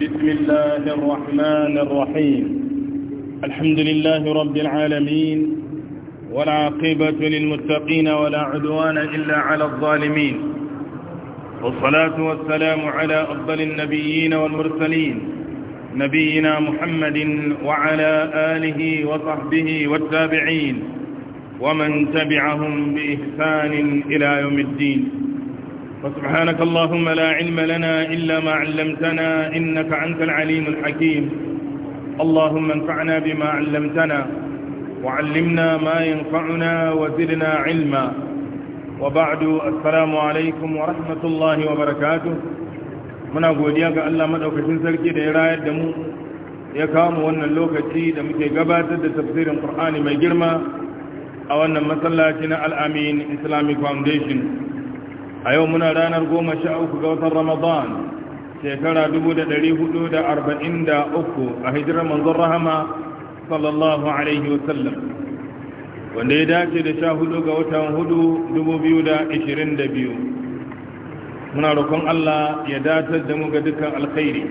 بسم الله الرحمن الرحيم الحمد لله رب العالمين والعاقبة للمتقين ولا عدوان إلا على الظالمين والصلاة والسلام على أفضل النبيين والمرسلين نبينا محمد وعلى آله وصحبه والتابعين ومن تبعهم بإحسان إلى يوم الدين فسبحانك اللهم لا علم لنا إلا ما علمتنا إنك أنت العليم الحكيم اللهم انفعنا بما علمتنا وعلمنا ما ينفعنا وزدنا علما وبعد السلام عليكم ورحمة الله وبركاته muna godiya ga Allah madaukakin sarki da ya rayar da mu ya kama wannan lokaci da muke gabatar da tafsirin Qur'ani mai girma a wannan masallaci Al-Amin Islamic Foundation a yau muna ranar goma sha uku ga watan ramadan shekara dubu da ɗari hudu da arba'in da uku a hijirar manzon rahama sallallahu alaihi wasallam wanda ya dace da sha hudu ga watan hudu dubu biyu da ishirin da biyu muna roƙon allah ya datar da mu ga dukkan alkhairi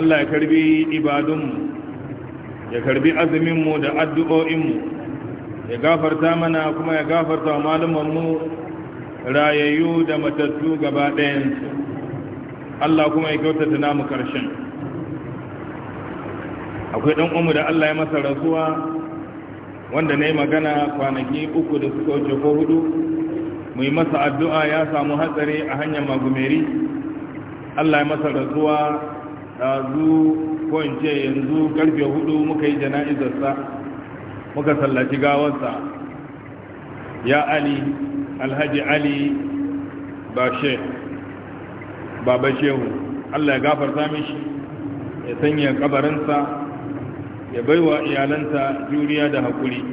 allah ya karbi ibadunmu ya karbi azuminmu da addu'o'inmu ya gafarta mana kuma ya gafarta wa malumanmu rayayyu da matattu gaba ɗayansu Allah kuma ya kyautata namu ƙarshen akwai ɗan umu da Allah ya masa rasuwa wanda na yi magana kwanaki uku da suka wuce ko hudu mu yi masa addu'a ya samu hatsari a hanyar magumeri Allah ya masa rasuwa ɗazu ko in ce yanzu karfe hudu muka yi jana'izarsa muka sallaci gawarsa ya ali alhaji ali bashe shehu allah ya gafarta mishi ya sanya kabarinsa ya baiwa iyalanta juriya da hakuri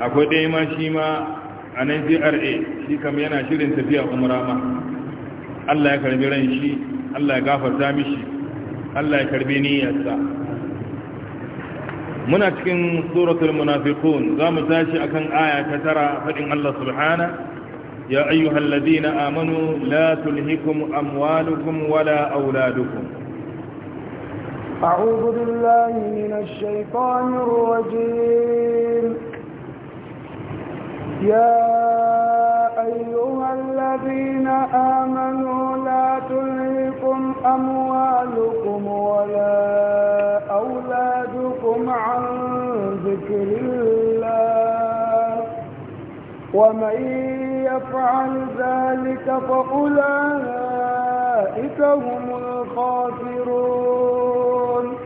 akwai ɗaya ma shi ma a nan cra shi kam yana shirin tafiya umra ma allah ya karbi ran shi allah ya gafarta mishi allah ya karbi niyyarsa muna cikin suratul munafiqun za mu tashi akan aya ta tara faɗin Allah subhana ya ayyuhal ladina amanu la tulhikum amwalukum wala auladukum أعوذ بالله من الشيطان الرجيم يا أيها الذين آمنوا لا تلهكم أموالكم ولا أولادكم وصدهم عن ذكر الله ومن يفعل ذلك فأولئك هم الخاسرون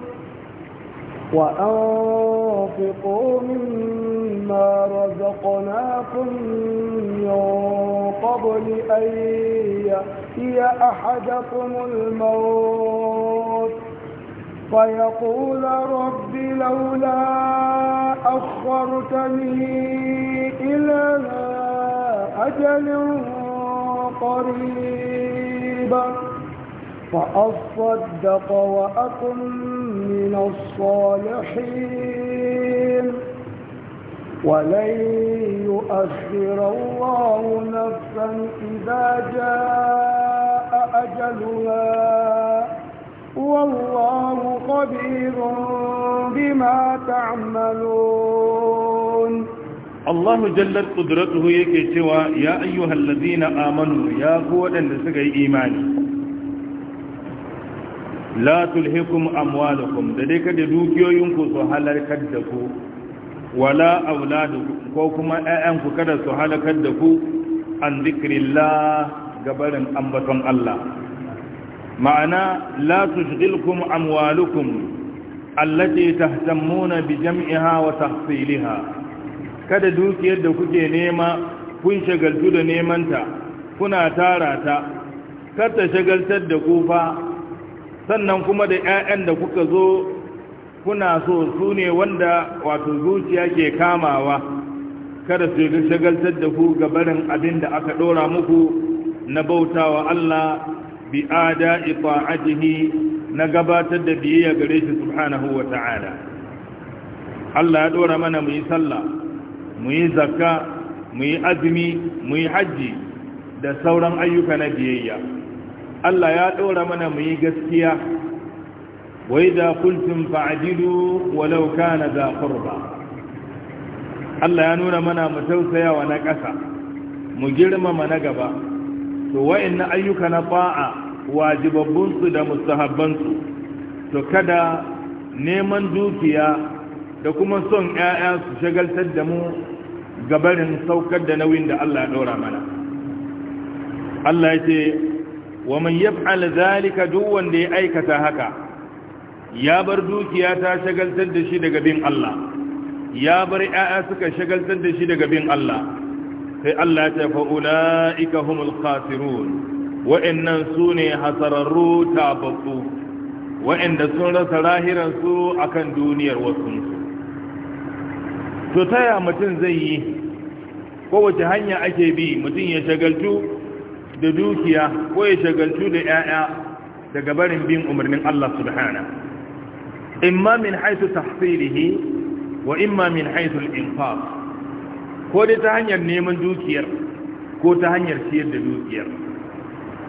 وأنفقوا مما رزقناكم من قبل أن يأتي أحدكم الموت فيقول رب لولا أخرتني إلى أجل قريب فأصدق وأكن من الصالحين ولن يؤخر الله نفسا إذا جاء أجلها والله خبير بما تعملون الله جلت قدرته yake cewa ya ayyuhal ladina amanu ya ku wadanda suka yi imani la tulhikum amwalukum da dai kada dukiyoyinku su halarkar da ku wala auladukum ko kuma ƴaƴanku kada su halakar da ku an zikrillah gabarin ambaton Allah ma'ana la tushghilkum amwalukum allati tahtammuna bi jam'iha wa tahsiliha kada dukiyar da kuke nema kun shagaltu da nemanta kuna tara ta kada shagaltar da kufa sannan kuma da ƴaƴan da kuka zo kuna so su ne wanda wato zuciya ke kamawa kada su shagaltar da ku ga barin abin da aka ɗora muku na bautawa Allah bi ada ita'atihi na gabatar da biyayya gare shi subhanahu wa ta'ala Allah ya dora mana mu yi sallah mu yi zakka mu yi azumi mu yi hajji da sauran ayyuka na biyayya Allah ya dora mana mu yi gaskiya wa idza qultum fa'dilu walau kana za qurba Allah ya nuna mana mu tausayawa na ƙasa mu girmama na gaba to wa'annan ayyuka na ba'a wajibabbunsu da mustahabbansu to kada neman dukiya da kuma son ƴaƴa su shagaltar da mu gabarin saukar da nauyin da Allah ya ɗora mana Allah ya ce wa man yaf'al zalika duk wanda ya aikata haka ya bar dukiya ta shagaltar da shi daga bin Allah ya bar ƴaƴa suka shagaltar da shi daga bin Allah sai Allah ya ce fa ulaika humul khasirun wa'annan sune hasararru tababbu wa'anda sun rasa rahiran su akan duniyar wasu to taya mutum zai yi kowace hanya ake bi mutum ya shagaltu da dukiya ko ya shagaltu da 'ya'ya daga barin bin umarnin Allah subhana imma min haythu tahsilihi wa imma min haythu al-infaq ko dai ta hanyar neman dukiyar ko ta hanyar siyar da dukiyar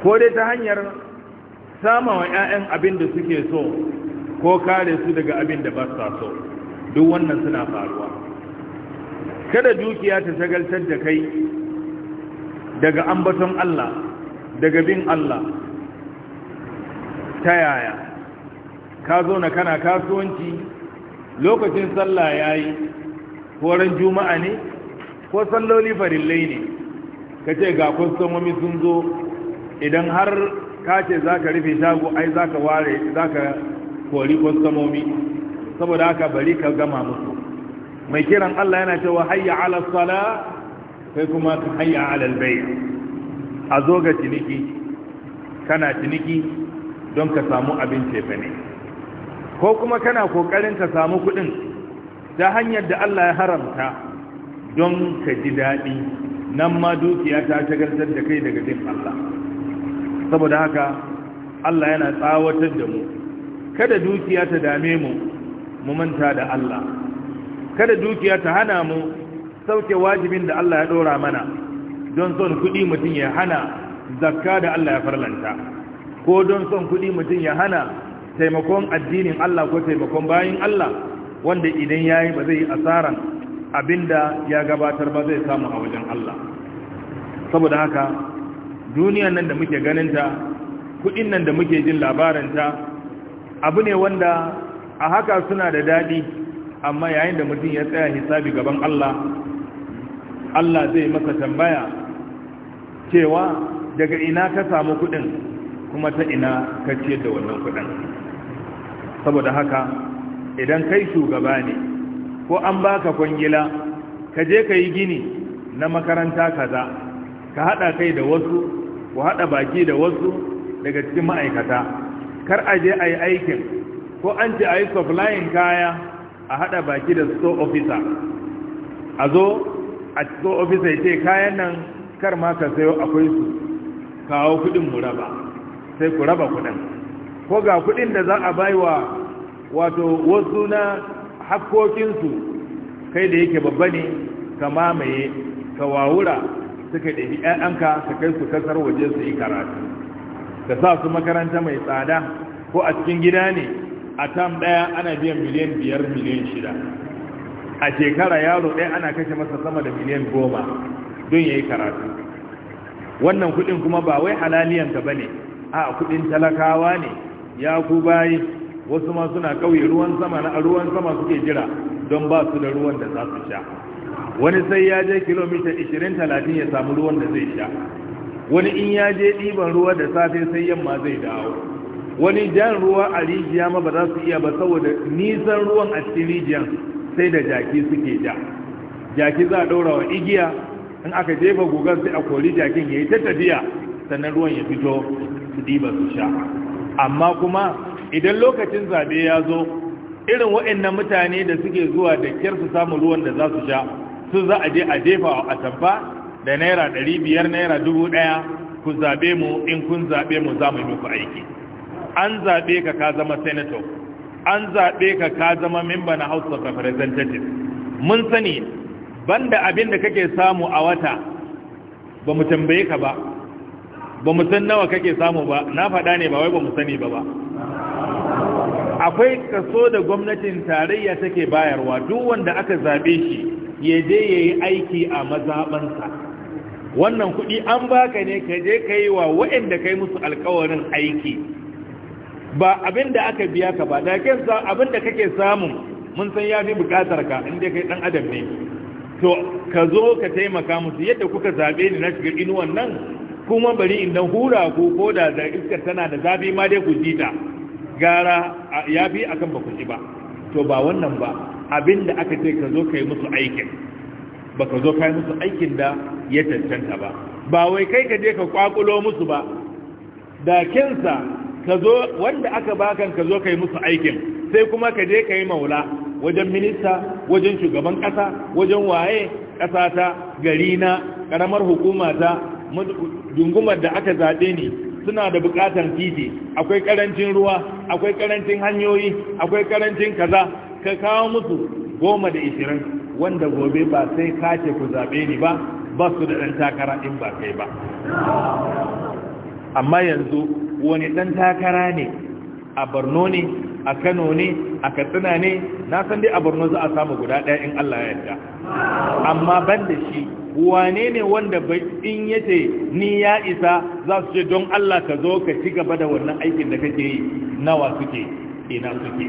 ko dai ta hanyar sama wa 'ya'yan abin da suke so ko kare su daga abin da ba sa so duk wannan suna faruwa kada dukiya ta shagaltar da kai daga ambaton Allah daga bin Allah ta yaya ka zo na kana kasuwanci lokacin sallah yayi horon juma'a ne ko salloli farillai ne ka ce ga kwastomomi sun zo idan har ka ce za ka rufe shago ai za ka ware za ka kori kwastomomi saboda haka bari ka gama musu mai kiran Allah yana cewa hayya ala sala sai kuma ka hayya ala a zo ga ciniki kana ciniki don ka samu abin cefa ne ko kuma kana kokarin ka samu kudin ta hanyar da Allah ya haramta don ka ji daɗi nan ma dukiya ta shagaltar da kai daga jin Allah saboda haka Allah yana tsawatar da mu kada dukiya ta dame mu mu manta da Allah kada dukiya ta hana mu sauke wajibin da Allah ya ɗora mana don son kuɗi mutum ya hana zakka da Allah ya farlanta ko don son kuɗi mutum ya hana taimakon addinin Allah ko taimakon bayin Allah wanda idan ya yi ba zai yi asaran abinda ya gabatar ba zai samu a wajen Allah saboda haka duniyan nan da muke ganinta kudin nan da muke jin ta abu ne wanda a haka suna da dadi amma yayin da mutum ya tsaya hisabi gaban Allah Allah zai masa tambaya cewa daga ina ka samu kudin kuma ta ina ka ciyar da wannan kudin saboda haka idan kai shugaba ne ko an baka kwangila ka je ka yi gini na makaranta kaza ka haɗa kai da wasu ko hada baki da wasu daga cikin ma'aikata kar a je a yi aikin ko an ce a yi supplying kaya a haɗa baki da store officer a zo a store officer ya ce kayan nan kar ma ka sayo akwai su kawo kuɗin mu raba sai ku raba kuɗin ko ga kuɗin da za a bai wa wato wasu na hakkokinsu kai da yake babba ne ka mamaye ka wawura suka ɗabi ‘ya'yanka ka kai su kasar waje su yi karatu ka sa su makaranta mai tsada ko a cikin gida ne a tam ɗaya ana biyan miliyan biyar miliyan shida a shekara yaro ɗaya ana kashe masa sama da miliyan goma don ya yi karatu wannan kuɗin kuma ba wai halaliyanka ba ne a kuɗin talakawa ne ya ku bayi wasu ma suna kauye ruwan sama na ruwan sama suke jira don ba su da ruwan da za su sha wani sai ya je kilomita 20-30 ya samu ruwan da zai sha wani in ya je ɗiban ruwa da safe sai yamma zai dawo wani jan ruwa a rijiya ma ba za su iya ba saboda nisan ruwan a cikin rijiyan sai da jaki suke ja jaki za a ɗaura wa igiya in aka jefa gugan sai a kori jakin ya yi ta tafiya sannan ruwan ya fito su ɗiba su sha amma kuma idan lokacin zabe ya zo irin wa'annan mutane da suke zuwa da kyar su samu ruwan da za su sha su za a je a jefa a tabba da naira 500 biyar naira dubu ɗaya ku zabe mu in kun zabe mu za mu yi ku aiki an zabe ka ka zama senator an zabe ka ka zama member na house of representatives mun sani banda abin da kake samu a wata ba mu tambaye ka ba ba mu san nawa kake samu ba na faɗa ne ba wai ba mu sani ba ba akwai kaso da gwamnatin tarayya take bayarwa duk wanda aka zabe shi ya je ya yi aiki a mazabansa wannan kuɗi an baka ne ka je ka yi wa waɗanda kai musu alkawarin aiki ba abin da aka biya ka ba da abin da kake samun mun san ya fi buƙatar ka inda kai ɗan adam ne to ka zo ka taimaka musu yadda kuka zaɓe ni na shiga inuwan nan kuma bari in dan hura ko ko da iskar tana da zafi ma dai ku jita. gara ya bi a kan bakwai ba to ba wannan ba abinda aka ce ka zo ka yi musu aikin ba ka zo ka yi musu aikin da ya tantanta ba ba wai kai ka je ka kwakulo musu ba da kinsa ka zo wanda aka bakan ka zo ka yi musu aikin sai kuma ka je ka yi maula wajen minista wajen shugaban kasa wajen waye ƙasata garina ƙaramar karamar hukuma dungumar da aka zaɓe ni suna da bukatar titi akwai karancin ruwa akwai karancin hanyoyi akwai karancin kaza ka kawo musu goma da ishirin wanda gobe ba sai kace ku zaɓe ni ba ba su da ɗan takara in ba kai ba amma yanzu wani ɗan takara ne a borno ne a kano ne a katsina ne na san dai a borno za a samu guda ɗaya in allah ya yarda amma ban da shi wane ne wanda in ya ce ni ya isa za su ce don Allah ka zo ka ci gaba da wannan aikin da kake yi nawa suke ina suke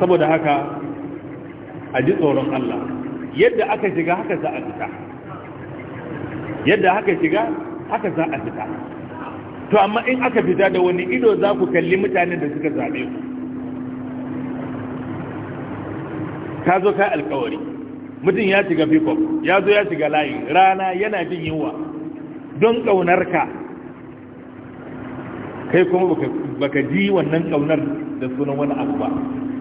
saboda haka a ji tsoron Allah yadda aka shiga haka za a fita yadda haka shiga haka za a fita to amma in aka fita da wani ido za ku kalli mutanen da suka zaɓe ku ka zo ka alkawari mutum ya shiga fikop ya zo ya shiga layi rana yana jin yunwa don ƙaunar kai kuma baka ji wannan ƙaunar da sunan wani abu ba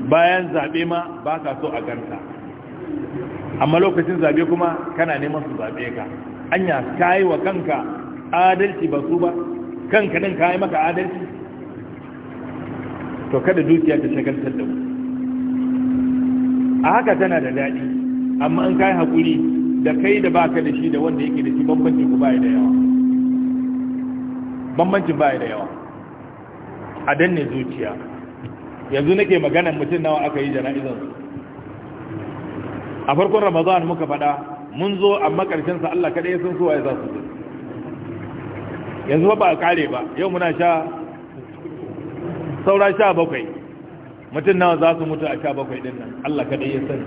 bayan zaɓe ma ba ka so a ganta amma lokacin zaɓe kuma kana neman su zaɓe ka anya ka yi wa kanka adalci ba su ba kanka ɗin ka yi maka adalci to kada dukiya ta shagaltar da mu a haka tana da daɗi amma an kai haƙuri da kai da baka da shi da wanda yake da shi bambancin ku bai da yawa bambancin bai da yawa a danne zuciya yanzu nake maganar mutum nawa aka yi jana'izar a farkon ramadan muka faɗa mun zo amma ƙarshen sa Allah kaɗai sun su waye za su zo yanzu ba a kare ba yau muna sha saura sha bakwai mutum nawa za su mutu a sha bakwai din nan Allah kaɗai ya sani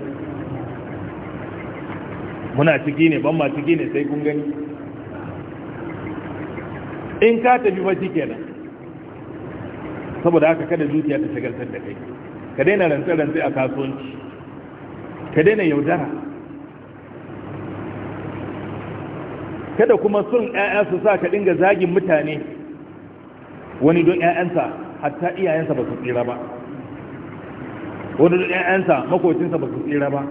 muna ciki ne ban ma ciki ne sai kun gani in ka tafi ba shi kenan saboda haka kada zuciya ta shagaltar da kai ka daina rantse-rantse a kasuwanci ka daina yaudara kada kuma sun 'ya'ya su sa ka dinga zagin mutane wani don 'ya'yansa hatta iyayensa ba su tsira ba wani da ƴaƴansa makocinsa ba su tsira ba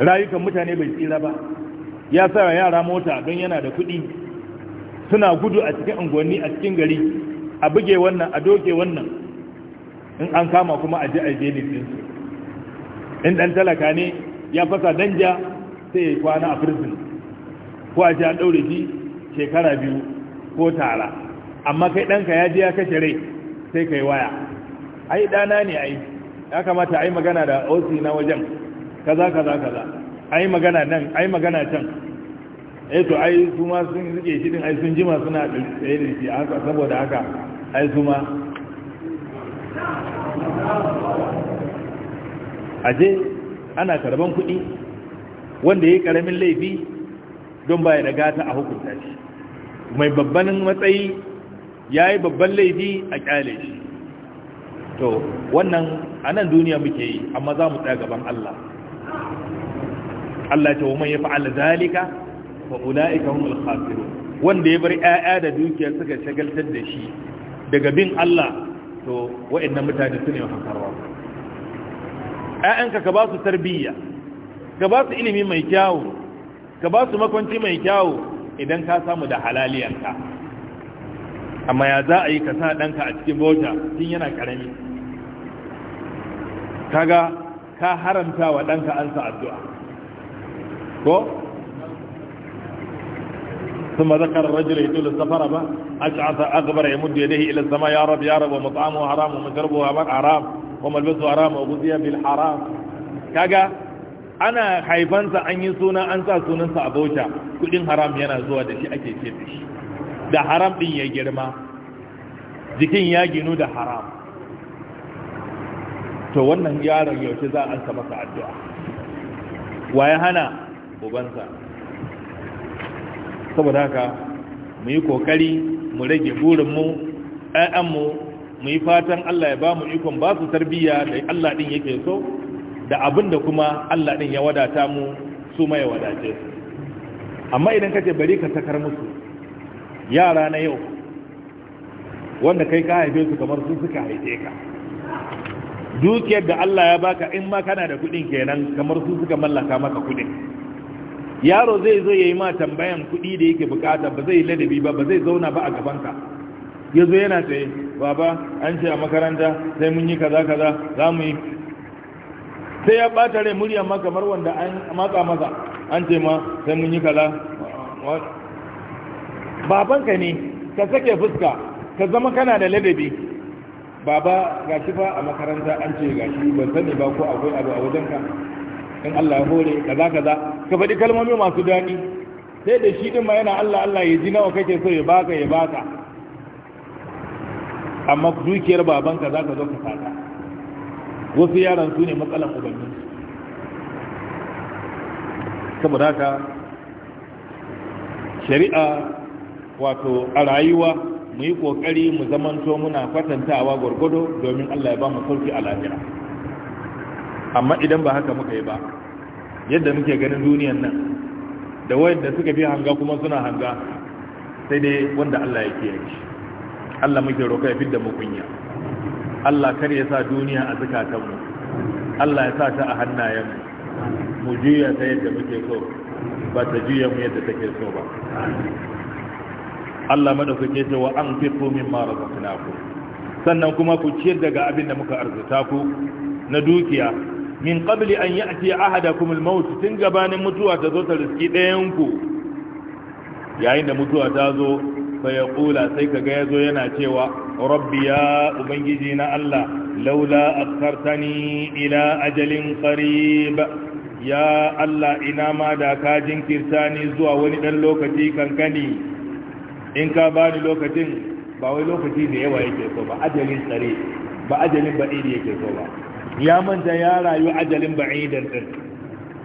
rayukan mutane bai tsira ba ya sa yara mota don yana da kuɗi suna gudu a cikin unguwanni a cikin gari a buge wannan a doke wannan in an kama kuma a ji a je ɗinsu in ɗan talaka ne ya fasa danja sai ya kwana a prison ko a ji a ɗaure ji shekara biyu ko tara amma kai ɗanka ya ji ya kashe rai sai ka yi waya ai dana ne ai ya kamata ai magana da osi na wajen kaza kaza kaza ai magana nan ai magana can eh to ai kuma sun rike shi din ai sun jima suna tsaye da shi haka saboda haka ai kuma aje ana karban kuɗi wanda ya yi ƙaramin laifi don baya da gata a hukunta shi mai babban matsayi ya yi babban laifi a ƙyale shi to wannan a nan duniya muke yi amma za mu tsaya gaban Allah Allah ce wa ya fa'ala zalika fa ulaika humul alhafiru wanda ya bar ‘ya’ya da dukiya suka shagaltar da shi daga bin Allah to wa'annan mutane su ne hankarwa Ya'yanka ka ba su tarbiyya ka ba su ilimi mai kyawu ka ba su makwanci mai kyawu idan ka samu da halaliyanka amma ya za a yi ka sa ɗanka a cikin mota tun yana ƙarami kaga ka haramta wa ɗanka an sa addu'a ko? ثم ذكر الرجل يدول السفر ما أشعث أغبر يمد يديه إلى wa يا رب يا رب ومطعمه حرام ومشربه haram wa حرام وغذي بالحرام kaga ana haifansa an yi suna an sa sunansa a bauta kudin haram yana zuwa da shi ake ce da shi da haram din ya girma jikin ya ginu da haram to wannan yaron yaushe za a masa addu'a wa ya hana ubansa saboda haka mu yi kokari mu rage burinmu ɗan'anmu mu yi fatan Allah ya ba mu ikon ba su tarbiyya da Allah ɗin yake so da abin da kuma Allah ɗin ya wadata mu su ma ya wadace amma idan kace bari ka sakar musu yara na yau wanda kai ka haife su kamar su suka haife ka dukiyar da Allah ya baka in ma kana da kudin kenan kamar su suka mallaka maka kudin yaro zai zo yayi ma tambayan kudi da yake bukata ba zai ladabi ba ba zai zauna ba a gaban ka yazo yana tsaye baba an ce a makaranta sai mun yi kaza kaza za mu yi sai ya bata rai muryar ma kamar wanda an matsa masa an ce ma sai mun yi kaza babanka ne ka sake fuska ka zama kana da ladabi baba shi fa a makaranta an ce ga shi ban sani ba ko akwai abu a wajenka in Allah ya hore kaza kaza ka faɗi kalmomi masu daɗi sai da shi din ma yana Allah Allah ya ji nawa kake so ya baka ya baka amma dukiyar babanka za ka zo ka sata wasu yaran su ne matsalan ubannin saboda ka shari'a wato a rayuwa mu yi ƙoƙari mu zamanto muna kwatantawa gwargwado domin Allah ya ba mu sauki a lahira amma idan ba haka muka yi ba yadda muke ganin duniyan nan da wayanda suka fi hanga kuma suna hanga sai dai wanda Allah ya kiyaye shi Allah muke roƙa ya fidda mu kunya Allah kar ya sa duniya a mu Allah ya sa ta a hannayenmu mu juya ta yadda muke so ba ta juya mu yadda take so ba Allah madaukake ce wa anfiqu mimma razaqnakum sannan kuma ku ciyar daga abin da muka arzuta ku na dukiya min qabli an ya'ti ahadakum al-maut tun gabanin mutuwa ta zo ta riski ɗayan ku yayin da mutuwa ta zo fa yaqula sai kaga yazo yana cewa rabbi ya ubangiji na Allah laula akhartani ila ajalin qarib ya Allah ina ma da ka jinkirta ni zuwa wani dan lokaci kankani in ka bani lokacin ba wai lokaci da yawa yake so ba ajalin tsare ba ajalin ba'idi yake so ba ya manta ya rayu ajalin ba'idan din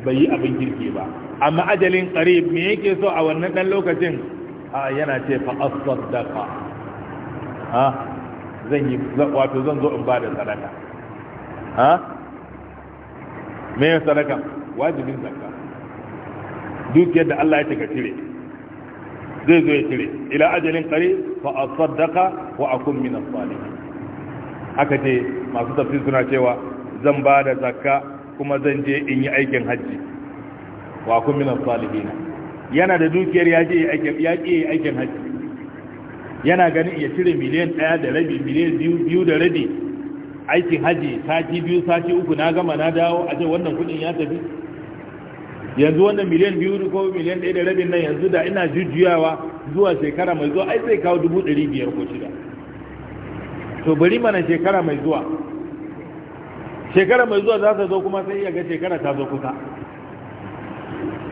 bai yi abin kirki ba amma ajalin tsare me yake so a wannan dan lokacin a yana ce fa asaddaqa ha zan yi wato zan zo in ba da sadaka ha me sadaka wajibin zakka duk yadda Allah ya taka cire zai zo ya cire ila ajalin kare fa asaddaqa wa akun min as-salihin haka ce masu tafsir suna cewa zan ba da zakka kuma zan je in yi aikin hajji wa akun min as-salihin yana da dukiyar ya je aikin ya je aikin hajji yana ganin ya cire miliyan 1 da rabi miliyan 2 da rabi aikin hajji sati biyu sati uku na gama na dawo a ce wannan kudin ya tafi yanzu wannan miliyan biyu ko miliyan ɗaya da rabin nan yanzu da ina jujjuyawa zuwa shekara mai zuwa ai zai kawo dubu ɗari biyar ko shida to bari mana shekara mai zuwa shekara mai zuwa za ta zo kuma sai iya ga shekara ta zo kusa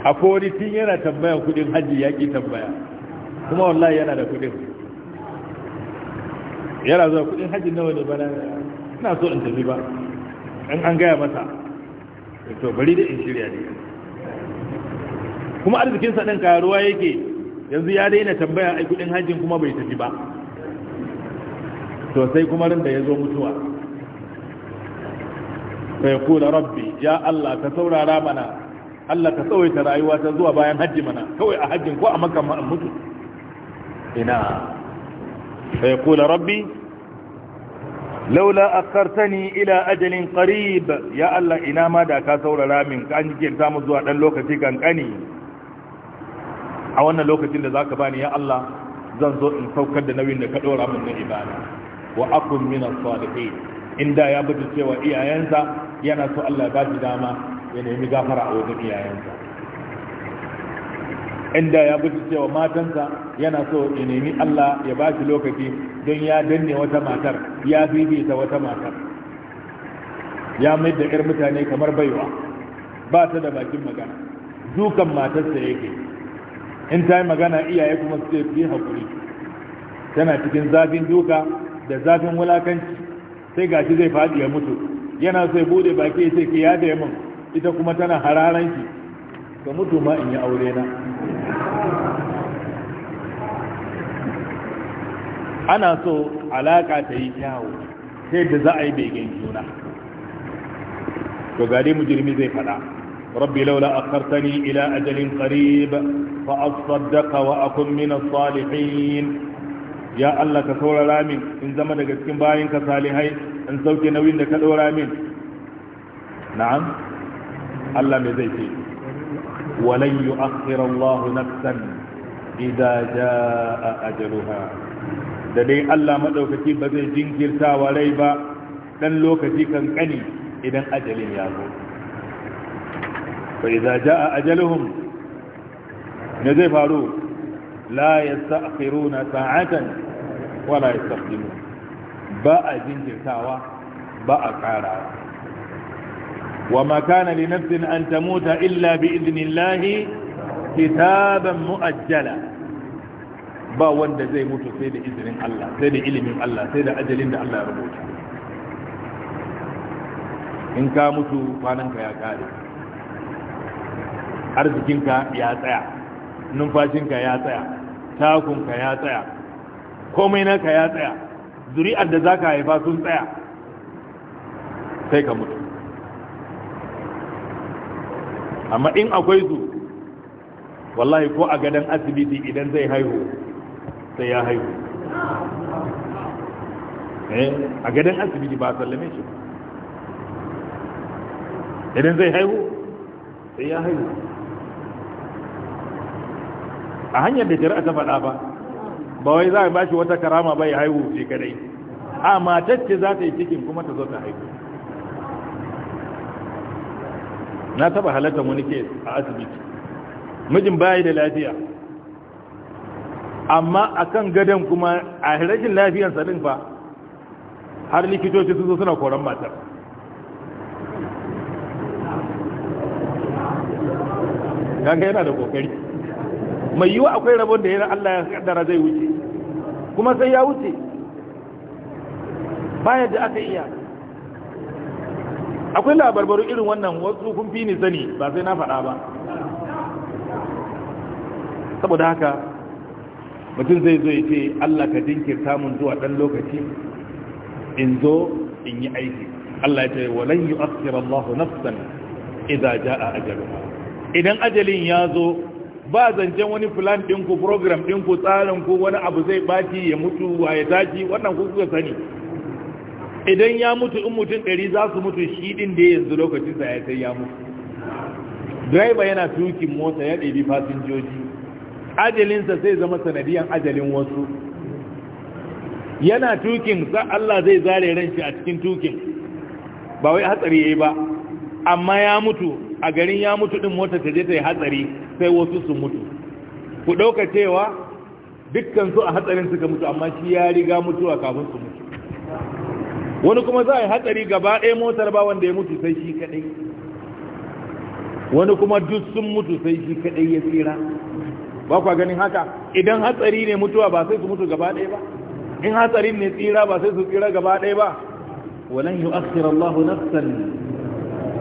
a kowani tun yana tambaya kudin hajji ya ki tambaya kuma wallahi yana da kudin yana zuwa kudin hajji nawa ne bana ina so in tafi ba in an gaya masa to bari da in shirya ne kuma arzikinsa ɗin karuwa yake yanzu ya daina tambaya ai kudin hajjin kuma bai tafi ba to sai kuma ran da ya zo mutuwa sai kula rabbi ya Allah ka saurara mana Allah ka tsawaita rayuwa ta zuwa bayan hajji mana kawai a hajjin ko a makka ma mutu ina sai kula rabbi laula akhartani ila ajalin qarib ya Allah ina ma da ka saurara min kan jike ta mu zuwa dan lokaci kankani a wannan lokacin da zaka bani ya Allah zan zo in saukar da nauyin da ka dora min na ibada wa akun min as-salihin inda ya bude cewa iyayensa yana so Allah ba shi dama ya nemi gafara a wajen iyayensa inda ya bude cewa matansa yana so ya nemi Allah ya ba shi lokaci don ya danne wata matar ya bibita wata matar ya mai da ƴar mutane kamar baiwa ba ta da bakin magana dukan matarsa yake in ta yi magana iyaye kuma su fiye haƙuri tana cikin zafin duka da zafin wulakanci sai gashi zai faɗi ya mutu yana sai bude baki ya ce ki ya da ita kuma tana hararan shi, ka mutu ma in yi aure na ana so alaƙa ta yi kyawu sai da za a yi begen juna to gari mujirmi zai faɗa ربي لولا أخرتني إلى أجل قريب فأصدق وأكن من الصالحين يا الله كثور رامين إن زمن كتكين باين كصالحي إن سوك نوين كثور رامين نعم الله مزيتي ولن يؤخر الله نفسا إذا جاء أجلها da dai Allah maɗaukaki ba zai jinkirta wa rai ba ɗan lokaci kankani idan ajalin ya zo fa idza a ajaluhum ne zai faru la yasta'khiruna sa'atan wala yastaqdimun ba a jinkirtawa ba a karawa wa ma kana li nafsin an tamuta illa bi idnillahi kitaban muajjala ba wanda zai mutu sai da izinin Allah sai da ilimin Allah sai da ajalin da Allah ya rubuta in ka mutu kwananka ya kare arzikinka ya tsaya numfashinka ya tsaya takunka ya tsaya komai naka ya tsaya zuri'ar da zaka haifa sun tsaya sai ka mutu amma in akwai su wallahi ko a gadon asibiti idan zai haihu sai ya haihu eh, a gadon asibiti ba sallame shi idan zai haihu sai ya haihu a hanyar da shari'a ta faɗa ba ba wai za a bashi wata karama bai haihu ce kadai a matacce za ta yi cikin kuma ta zo ta haihu na taba halatta wani ke a asibiti mijin bayi da lafiya amma akan gadon kuma a rashin sa din fa har likitoci su zo suna koran matar kaga yana da kokari mai yiwa akwai rabon da ya Allah ya kaddara zai wuce kuma sai ya wuce bayan da aka iya akwai labarbaru irin wannan wasu kun fi ni sani ba sai na faɗa ba saboda haka mutum zai zo ya ce Allah ka jinkirta mun zuwa ɗan lokaci in zo in yi aiki Allah ya ce walayyu yi asirar Allah nafsan idan ajalin ya zo ba zancen wani plan ɗinku program ɗinku tsarinku wani abu zai baki ya mutu wa ya tashi wannan ku kuka sani idan ya mutu in mutum ɗari za su mutu shi ɗin da yanzu lokacin sa ya sai ya mutu direba yana tukin mota ya ɗabi fasinjoji ajalinsa sai zama sanadiyan ajalin wasu yana tukin sa Allah zai zare ran a cikin tukin ba wai hatsari yayi ba amma ya mutu a garin ya mutu din mota ta je ta yi hatsari sai wasu su mutu ku ɗauka cewa dukkan su a hatsarin suka mutu amma shi ya riga mutuwa kafin su mutu wani kuma za a yi hatsari gaba ɗaya motar ba wanda ya mutu sai shi kaɗai wani kuma duk sun mutu sai shi kaɗai ya tsira ba kwa ganin haka idan hatsari ne mutuwa ba sai su mutu gaba ɗaya ba in hatsarin ne tsira ba sai su tsira gaba ɗaya ba walan yu'akhkhir Allahu nafsan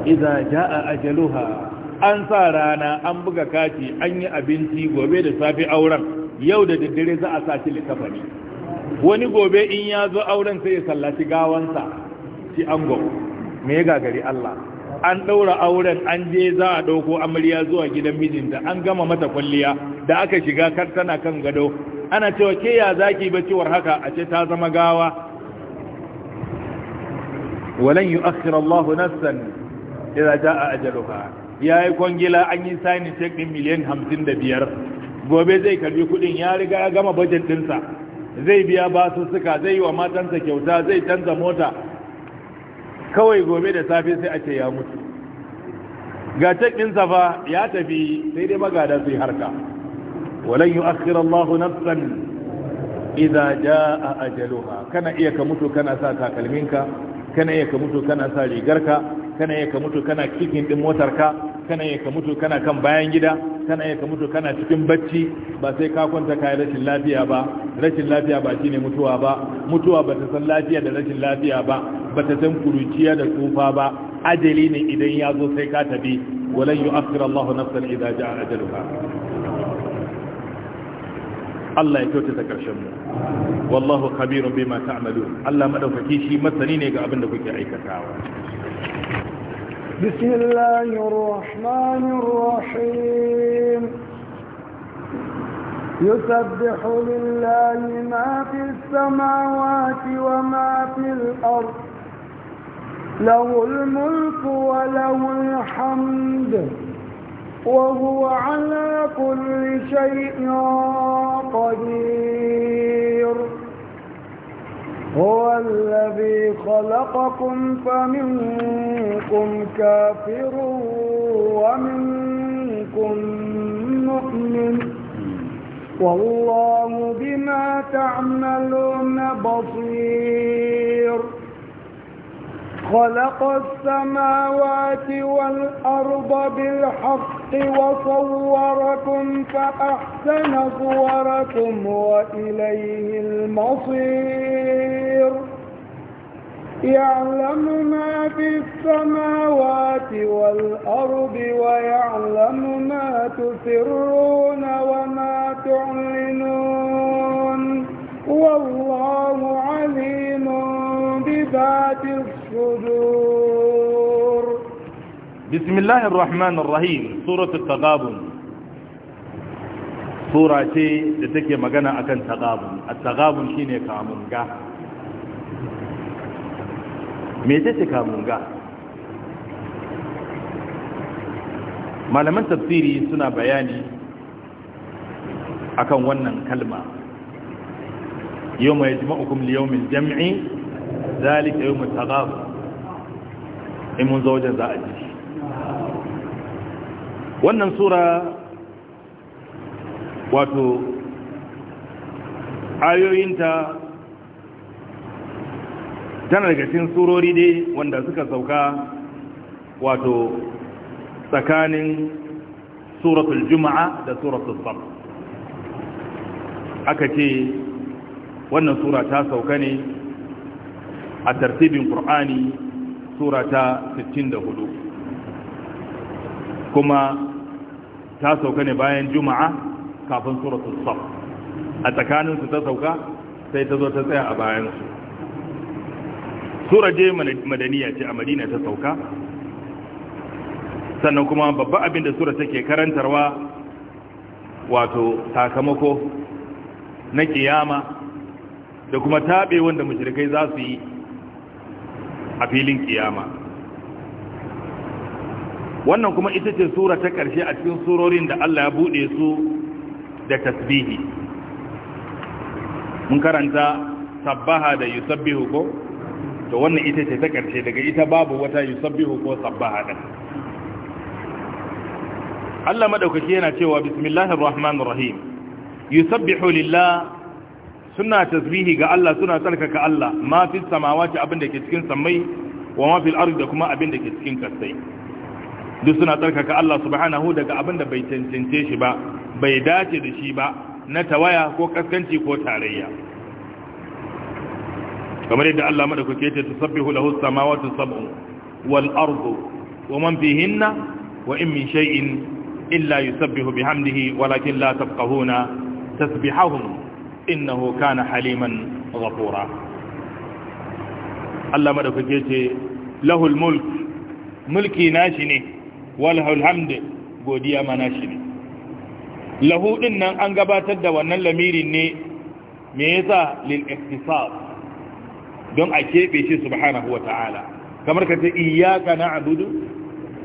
iza ja'a ajaluha an sa rana an buga kati an yi abinci gobe da safe auren yau da daddare za a sashi likafani wani gobe in ya zo auren sai ya sallaci gawansa ci ango me ya gagari Allah an ɗaura auren an je za a ɗauko amarya zuwa gidan mijinta an gama mata kwalliya da aka shiga kar tana kan gado ana cewa ke ya zaki cewar haka a ce ta zama gawa walan yu'akhkhir Allahu nafsan idza jaa ajaluha yayi kwangila an yi sani check din miliyan 55 gobe zai kalbi kudin ya riga ya gama budget ɗinsa, zai biya basu suka zai yi wa matansa kyauta zai canza mota kawai gobe da safe sai a ce ya mutu ga check dinsa fa ya tafi sai dai magada su yi harka walan yu'akhkhir Allahu nafsan idza jaa ajaluha kana iya ka mutu kana sa takalminka kana iya ka mutu kana sa rigarka kana iya ka mutu kana cikin din motar ka kana iya ka mutu kana kan bayan gida kana iya ka mutu kana cikin bacci ba sai ka kwanta ka yi rashin lafiya ba rashin lafiya ba shine mutuwa ba mutuwa ba ta san lafiya da rashin lafiya ba ba ta san kuruciya da tsufa ba ajali ne idan ya zo sai ka tafi walan yu'akhir Allahu nafsan idza ja'a ba Allah ya kyautata karshen mu wallahu khabirun bima ta'malun Allah madaukaki shi masani ne ga abin da kuke aikatawa بسم الله الرحمن الرحيم يسبح لله ما في السماوات وما في الأرض له الملك وله الحمد وهو على كل شيء قدير هو الذي خلقكم فمنكم كافر ومنكم مؤمن والله بما تعملون بصير خلق السماوات والأرض بالحق وصوركم فأحسن صوركم وإليه المصير يعلم ما في السماوات والأرض ويعلم ما تسرون وما تعلنون والله عليم بذات الصدور بسم الله الرحمن الرحيم سورة التغابن سورة da take magana akan tagabun at-tagabun shine kamunga me malaman tafsiri suna bayani akan wannan kalma yau mai ليوم الجمع ذلك يوم yau mai زوجة in mun zo wajen za a wannan sura wato ayoyinta tana daga cikin surori dai wanda suka sauka wato tsakanin suratul juma'a da suratul sabr aka ce wannan sura ta sauka ne a tartibin ƙur'ani sura ta 64 kuma ta sauka ne bayan juma'a kafin suratul saf a tsakaninsu ta sauka sai ta zo ta tsaya a bayansu sura je madaniya ce a madina ta sauka sannan kuma babba abin da sura take karantarwa wato sakamako na kiyama da kuma taɓe wanda mashirikai za su yi a filin kiyama wannan kuma ita ce sura ta ƙarshe a cikin surorin da Allah ya buɗe su da tasbihi mun karanta sabbaha da yusabbihu ko to wannan ita ce ta ƙarshe daga ita babu wata yusabbihu ko sabbaha ɗin Allah maɗaukaki yana cewa bismillahirrahmanirrahim rahmanir rahim yusabbihu lillah suna tasbihi ga Allah suna tsarkaka Allah ma fi samawati abin da ke cikin sammai wa ma fil da kuma abin da ke cikin kasai duk suna tsarkaka Allah subhanahu daga abin da bai cancance shi ba bai dace da shi ba na tawaya ko kaskanci ko tarayya kamar yadda Allah madaukake ke ce tusabbihu lahu samawati sab'u wal ardu wa man fihinna wa in min shay'in illa yusabbihu bihamdihi walakin la tafqahuna tasbihahum innahu kana haliman ghafura Allah madaukake ce lahul mulk mulki nashi ne walahul hamd godiya ma nashi ne lahu din an gabatar da wannan lamirin ne me yasa lil ikhtisas don a kebe shi subhanahu wataala kamar ka ce iyyaka na'budu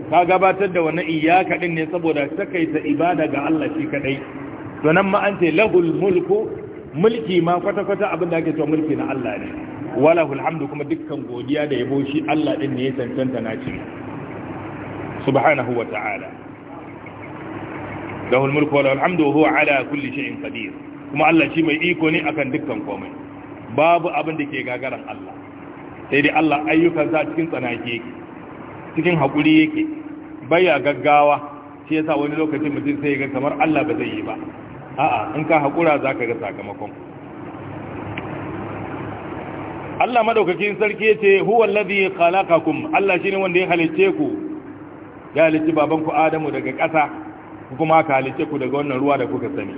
ka gabatar da wannan iyyaka din ne saboda takaita ibada ga Allah shi kadai to nan ma an ce lahul mulku mulki ma kwata-kwata abin da ake cewa mulki na Allah ne wala hulhamdu kuma dukkan godiya da yabo shi Allah din ne ya cancanta na ce subhanahu wa ta'ala lahu almulku wa lahu alhamdu huwa ala kulli shay'in qadir kuma Allah shi mai iko ne akan dukkan komai babu abin da ke gagaran Allah sai dai Allah ayyukan sa cikin tsanaki yake cikin hakuri yake baya gaggawa shi yasa wani lokacin mutum sai ga kamar Allah ba zai yi ba a'a in ka haƙura za ka ga sakamakon Allah madaukakin sarki ya ce huwan lazi khalaqakum Allah shine wanda ya halicce ku ya halicci babanku Adamu daga ƙasa kuma ka halicce ku daga wannan ruwa da kuka sani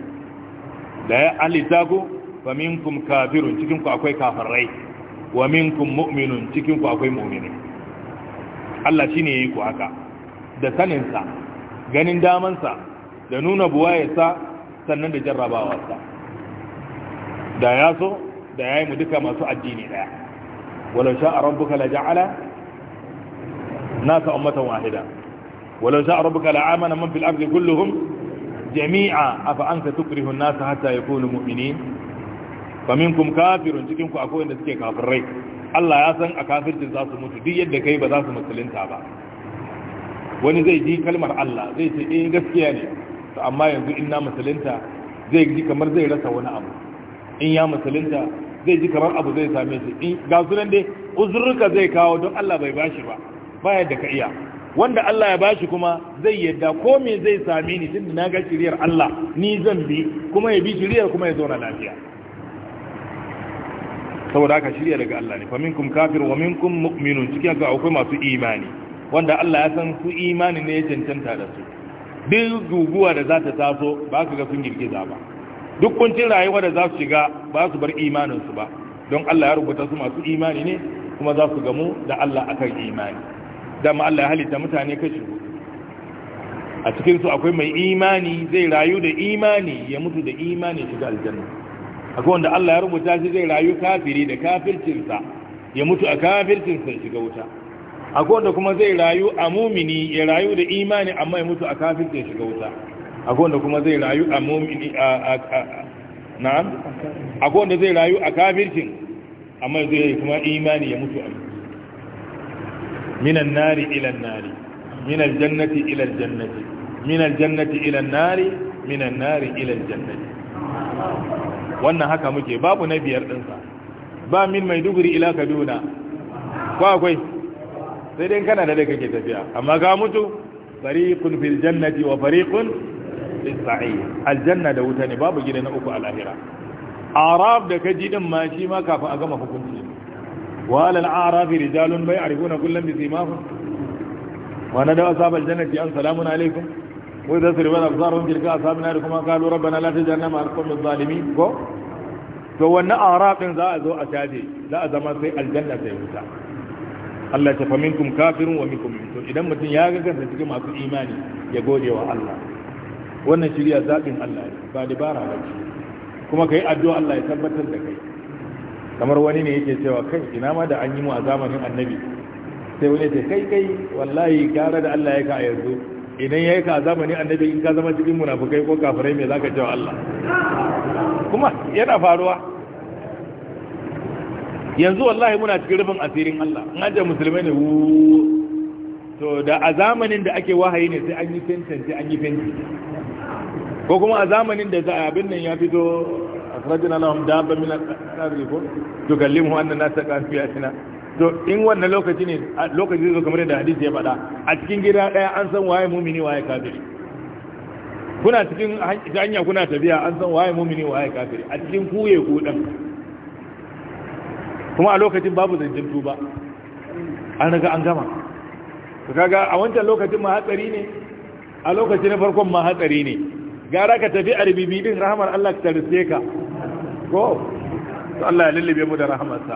da ya alita ku fa minkum kafirun cikin ku akwai kafirai wa minkum mu'minun cikin ku akwai mu'mini Allah shine yayi ku haka da saninsa ganin damansa da nuna buwayarsa sannan da jarrabawarsa da ya so da ya yi mu duka masu addini daya walau sha a rabbuka la ja'ala nasa ummatan wahida walau sha a rabbuka la amana man fil ardi kulluhum jami'a afa anta tukrihu an-nasa hatta yakunu mu'minin faminkum kafirun cikin ku akwai wanda suke kafirai Allah ya san a kafircin za su mutu duk yadda kai ba za su musulunta ba wani zai ji kalmar Allah zai ce eh gaskiya ne to amma yanzu in na musulunta zai ji kamar zai rasa wani abu in ya musulunta zai ji kamar abu zai same shi in ga sunan dai uzurruka zai kawo don Allah bai bashi ba ba yadda ka iya wanda Allah ya bashi kuma zai yadda ko me zai same ni tunda na ga shiriyar Allah ni zan bi kuma ya bi shiriyar kuma ya zauna lafiya saboda haka shirya daga Allah ne fa kum kafir wa minkum mu'minun cikin ga akwai masu imani wanda Allah ya san su imani ne ya cancanta da su duk guguwa da za ta taso ba su ga sun girgiza ba duk kuncin rayuwa da za su shiga ba su bar imaninsu ba don Allah ya rubuta su masu imani ne kuma za su gamu da Allah akan imani dama Allah ya halitta mutane kashi a cikin su akwai mai imani zai rayu da imani ya mutu da imani shiga aljanna akwai wanda Allah ya rubuta shi zai rayu kafiri da kafircinsa ya mutu a kafircinsa shiga wuta akwai wanda kuma zai rayu a mumini ya rayu da imani amma ya mutu a kafin da ya shiga wuta akwai wanda kuma zai rayu a mumini a na akwai wanda zai rayu a kafircin amma ya zai kuma imani ya mutu a minan nari ilan nari minan jannati ilan jannati minan jannati ilan nari minan nari ilan jannati wannan haka muke babu na biyar ɗinsa ba min mai dubiri ila kaduna ko akwai sai dai kana da kake tafiya amma ka mutu fariqun fil jannati wa fariqun fis sa'ir aljanna da wuta ne babu gida na uku a lahira arab da kaji din ma shi ma kafin a gama hukunci wa al araf rijalun bai arifuna kullam bi simahum wa da ashab al jannati an salamun alaykum wa idha sirbat absarhum tilka ashabna kuma qalu rabbana la tajalna ma alqawmi adh-dhalimin ko to wannan araf din za a zo a tabe za a zama sai aljanna sai wuta Allah ta faminkum kafirun wa minkum mu'min idan mutum ya ga kansa cikin masu imani ya gode wa Allah wannan shirya zaɓin Allah ne ba dabara ba ce kuma kai addu'a Allah ya tabbatar da kai kamar wani ne yake cewa kai ina ma da an yi mu a zamanin annabi sai wani ce kai kai wallahi gara da Allah ya ka a yanzu idan ya yi ka a zamanin annabi in ka zama cikin munafukai ko kafirai me zaka cewa Allah kuma yana faruwa yanzu wallahi muna cikin rufin asirin Allah an ajiye musulmai ne to da a zamanin da ake wahayi ne sai an yi fentin sai an yi fenti ko kuma a zamanin da za a abin nan ya fito a sarajin lahum da min al-ardi ko to nasa kafi nas qafiyatina to in wannan lokaci ne lokaci zai kamar da hadisi ya faɗa a cikin gida daya an san waye mumini waye kafiri kuna cikin hanya kuna tafiya an san waye mumini waye kafiri a cikin kuye ku dan kuma a lokacin babu zancen tuba an riga an gama kaga a wancan lokacin ma hatsari ne a lokacin na farkon ma hatsari ne gara ka tafi a ribibi din rahamar Allah ta riske ka ko to Allah ya lullube mu da rahamarsa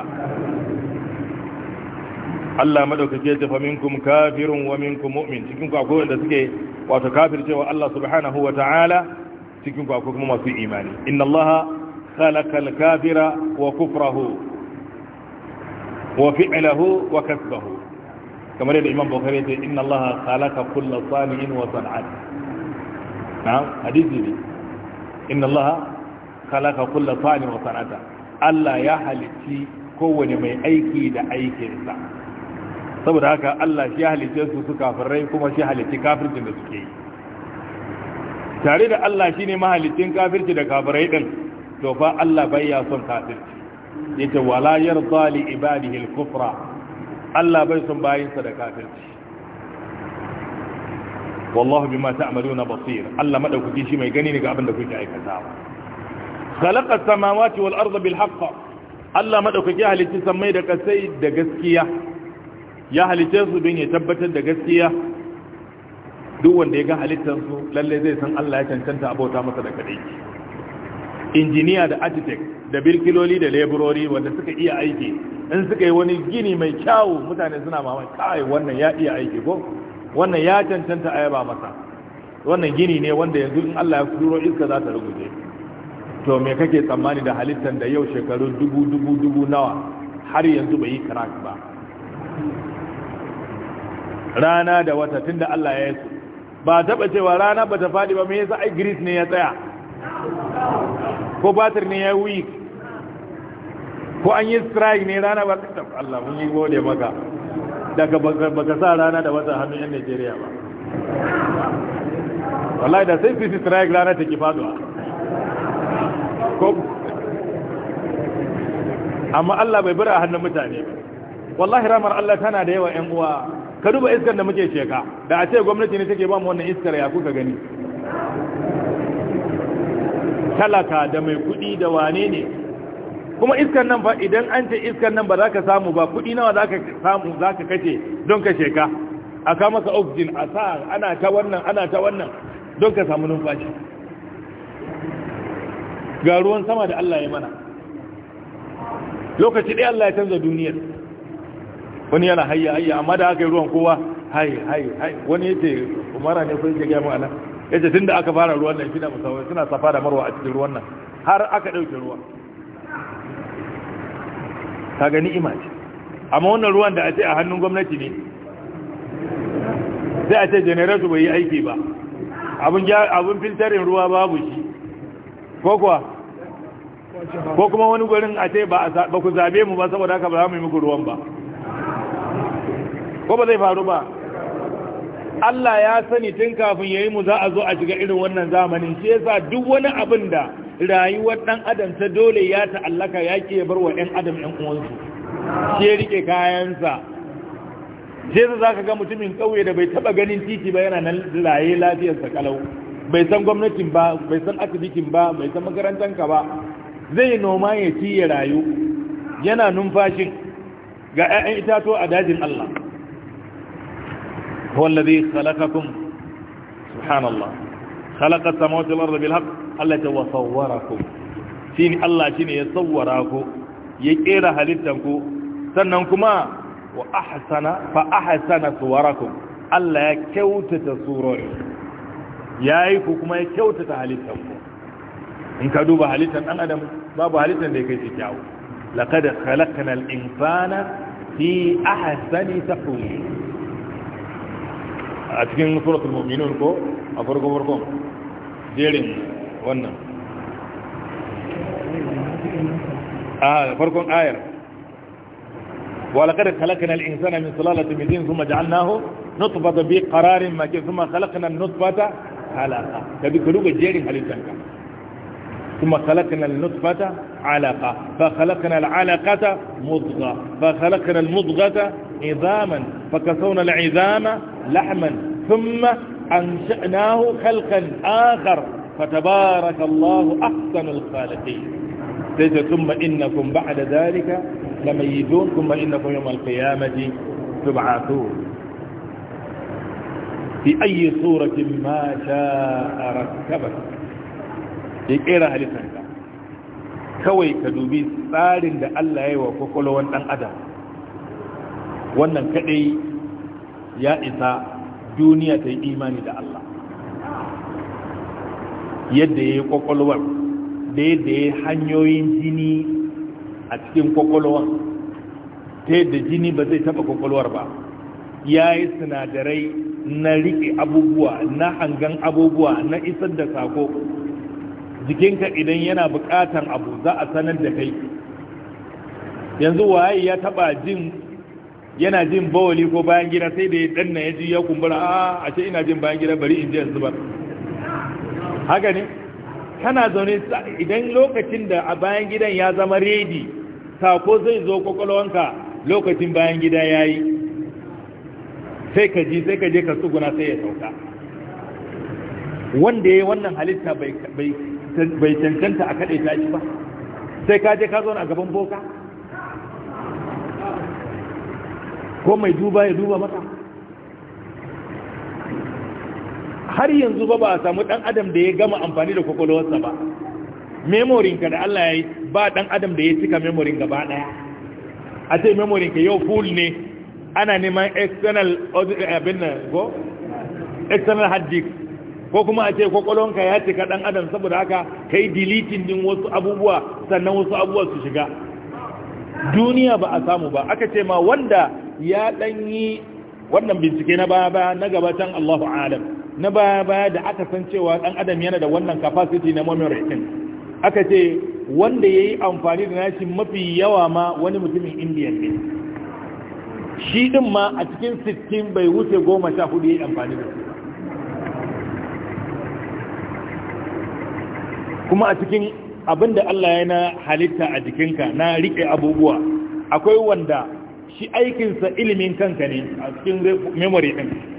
Allah madaukake ya tafa minkum kafirun wa minkum mu'min cikin ku akwai wanda suke wato kafir cewa Allah subhanahu wa ta'ala cikin ku akwai kuma masu imani inna Allah khalaqa al-kafira wa kufrahu wa fi'lahu wa kasbahu kamar yadda imam bukhari ce inna allah khalaqa kullu salihin wa san'at na'am hadisi ne inna allah khalaqa kullu salihin wa san'ata allah ya mai aiki da aikinsa saboda haka allah shi ya su su kafirai kuma shi halitti kafircin da suke yi tare da allah shine mahalicin kafirci da kafirai din to fa allah bai ya son kafirci yace wala yarda li ibadihi al Allah bai son bayinsa da kafirci wallahu bi bima ta'maluna basir Allah maɗaukaki shi mai gani ne ga abin da kuke aikata khalaqa as-samawati wal arda bil haqq Allah madaukaki halitta samai da kasai da gaskiya ya halitta su don ya tabbatar da gaskiya duk wanda ya ga halittansu lalle zai san Allah ya cancanta abota masa da kadai injiniya da architect da birkiloli da leburori wanda suka iya aiki in suka yi wani gini mai kyawu mutane suna mamaye kai wannan ya iya aiki ko wannan ya cancanta ayaba masa wannan gini ne wanda yanzu in Allah ya turo iska za ta ruguje to me kake tsammani da halittar da yau shekaru dubu dubu dubu nawa har yanzu bai yi crack ba rana da wata tunda Allah ya yi ba taba cewa rana ba ta fadi ba me yasa ai Greece ne ya tsaya ko batir ne ya yi weak ko an yi strike ne rana ba ka Allah mun yi gode maka daga baka sa rana da wata hannun yan Najeriya ba wallahi da sai fisi strike rana take faduwa ko amma Allah bai bar a hannun mutane ba wallahi ramar Allah tana da yawa 'yan uwa ka duba iskar da muke sheka da a ce gwamnati ne take ba mu wannan iskar ya kuka gani talaka da mai kuɗi da wane ne kuma iskan nan fa idan an ce iskan nan ba za ka samu ba kuɗi nawa za ka samu za ka kace don ka sheka a ka maka oxygen a sa ana ta wannan ana ta wannan don ka samu numfashi ga ruwan sama da Allah ya mana lokaci ɗaya Allah ya canza duniyar wani yana hayya hayya amma da aka yi ruwan kowa hayi hayi hayi wani yace umara ne ko yake ga mu ala yace tunda aka fara ruwan nan shi da musawai suna safa da marwa a cikin ruwan nan har aka dauke ruwa kaga ni'ima ce amma wannan ruwan da a ce a hannun gwamnati ne sai a ce generator bai yi aiki ba abin filtarin ruwa babu shi ko kuwa ko kuma wani gurin a ce ba ku zabe mu ba saboda haka ba za mu yi muku ruwan ba ko ba zai faru ba Allah ya sani tun kafin ya yi mu za a zo a shiga irin wannan zamanin shi yasa duk wani abin da rayuwar ɗan adam ta dole ya ta'allaka ya ke bar wa ɗan adam ɗan uwansu shi ya rike kayansa sai za ka ga mutumin ƙauye da bai taɓa ganin titi ba yana nan laye lafiyarsa kalau bai san gwamnatin ba bai san asibitin ba bai san makarantanka ba zai noma ya ci ya rayu yana numfashin ga 'ya'yan itato a dajin Allah wallazi khalaqakum subhanallah khalaqa samawati wal ardi Allah ta wasawwara ku shi ne Allah shi ne ya sawwara ku ya kera halittan ku sannan kuma wa ahsana fa ahsana ku Allah ya kyautata surori yayi ku kuma ya kyautata halittan ku in ka duba halittar ɗan adam babu halittan da yake kyawu laqad khalaqnal insana fi ta taqwim a cikin suratul mu'minun ko a farko farko jerin wannan a ah, farkon ayar ولقد خلقنا الإنسان من صلاله من ثم جعلناه نطفة بقرار ما ثم خلقنا النطفة علقة كبير كدوك جيري حليتنك ثم خلقنا النطفة علقة فخلقنا العلقة مضغة فخلقنا المضغة عظاما فكسونا العظام لحما ثم أنشأناه خلقا آخر فتبارك الله أحسن الخالقين ليس ثم إنكم بعد ذلك لميزون ثم إنكم يوم القيامة تبعثون في أي صورة ما شاء ركبك يكيرها لسنك kawai ka dubi tsarin da Allah ya yi wa kwakwalwar ɗan adam wannan kaɗai ya isa duniya ta yi imani da Allah yadda ya yi kwakwalwar da yadda ya hanyoyin jini a cikin kwakwalwar ta yadda jini ba zai taba kwakwalwar ba ya yi sinadarai na riƙe abubuwa na hangan abubuwa na isar da sako jikinka idan yana buƙatan abu za a sanar da kai yanzu waye ya taba jin yana jin bawali ko bayan gida sai da ya danna ya ji ya kumbura a ah, ashe ina jin bayan gida bari in ji yanzu ba haka ne kana zaune idan lokacin da a bayan gidan ya zama redi sako zai zo kwakwalwanka lokacin bayan gida ya yi sai ka ji sai ka je ka tsuguna sai ya sauka wanda ya yi wannan halitta bai cancanta a kaɗe ta ba sai ka je ka zaune a gaban boka ko mai duba ya duba maka har yanzu ba ba a samu dan adam da ya gama amfani da kwakwalwarsa ba memorinka da Allah ya yi ba dan adam da ya cika memorin gaba daya a ce memorinka yau full ne ana neman external abin nan ko? external hard disk ko kuma a ce kwakwalwanka ya cika dan adam saboda haka kai deleting din wasu abubuwa sannan wasu abubuwa su shiga duniya ba a samu ba aka ce ma wanda ya danyi wannan bincike na baya na gabatan Allahu alam na baya baya da aka san cewa ɗan adam yana da wannan capacity na memory in aka ce wanda yayi amfani da nashi mafi yawa ma wani mutumin indiya ne shi din ma a cikin 16 bai wuce 14 yayi amfani da shi kuma a cikin abinda Allah ya na halitta a jikinka na rike abubuwa akwai wanda shi aikinsa ilimin kanka ne a cikin memory din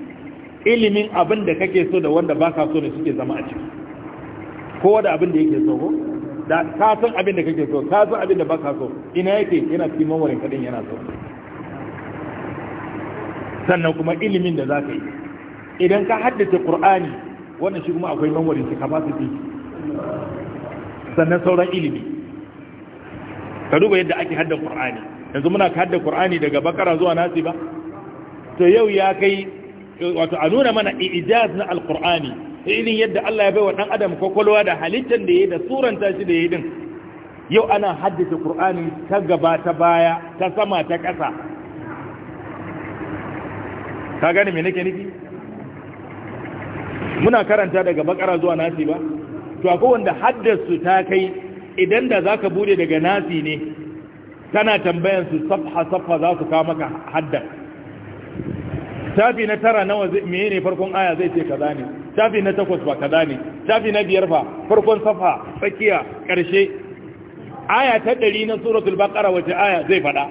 ilimin abin da kake so da wanda baka so ne suke zama a ciki kowa da abin da yake so ko da ka san abin da kake so ka san abin da baka so ina yake yana cikin mawarin kadin yana so sannan kuma ilimin da zaka yi idan ka haddace qur'ani wannan shi kuma akwai mawarin shi capacity sannan sauran ilimi ka duba yadda ake haddace qur'ani yanzu muna ka haddace qur'ani daga bakara zuwa nasiba ba to yau ya kai wato a nuna mana ijaz na alqur'ani irin yadda Allah ya baiwa dan adam kokolwa da halittar da yayi da suranta shi da yayi din yau ana haddace qur'ani ta gaba ta baya ta sama ta ƙasa ka gane me nake nufi muna karanta daga bakara zuwa nasi ba to akwai wanda haddasu ta kai idan da zaka bude daga nasi ne tana tambayan su safha safha za su kawo maka haddar shafi na tara nawa meye ne farkon aya zai ce kaza ne shafi na takwas ba kaza ne shafi na biyar fa farkon safa tsakiya karshe aya ta ɗari na suratul baqara wace aya zai faɗa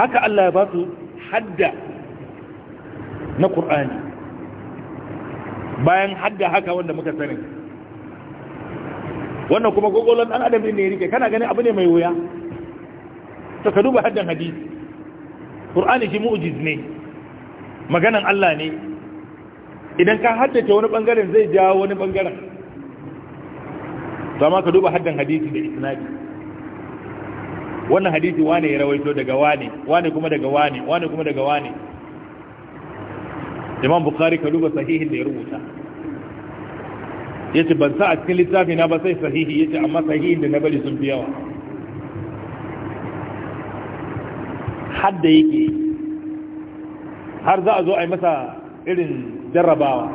haka Allah ya ba su hadda na kur'ani bayan hadda haka wanda muka sani wannan kuma gogolon dan adam ne rike kana gani abu ne mai wuya to ka duba haddan hadisi ƙur'ani shi mu'ujiz ne maganan Allah ne idan ka haddace wani ɓangaren zai jawo wani ɓangaren to amma ka duba haddan hadisi da isnadi wannan hadisi wane ya rawaito daga wane wane kuma daga wane wane kuma daga wane imam Bukhari ka duba sahihin da ya rubuta ya ce ban sa a cikin littafi na ba sai sahihi yace amma sahihin da na bari sun fi yawa hadda yake har za a zo a yi masa irin jarrabawa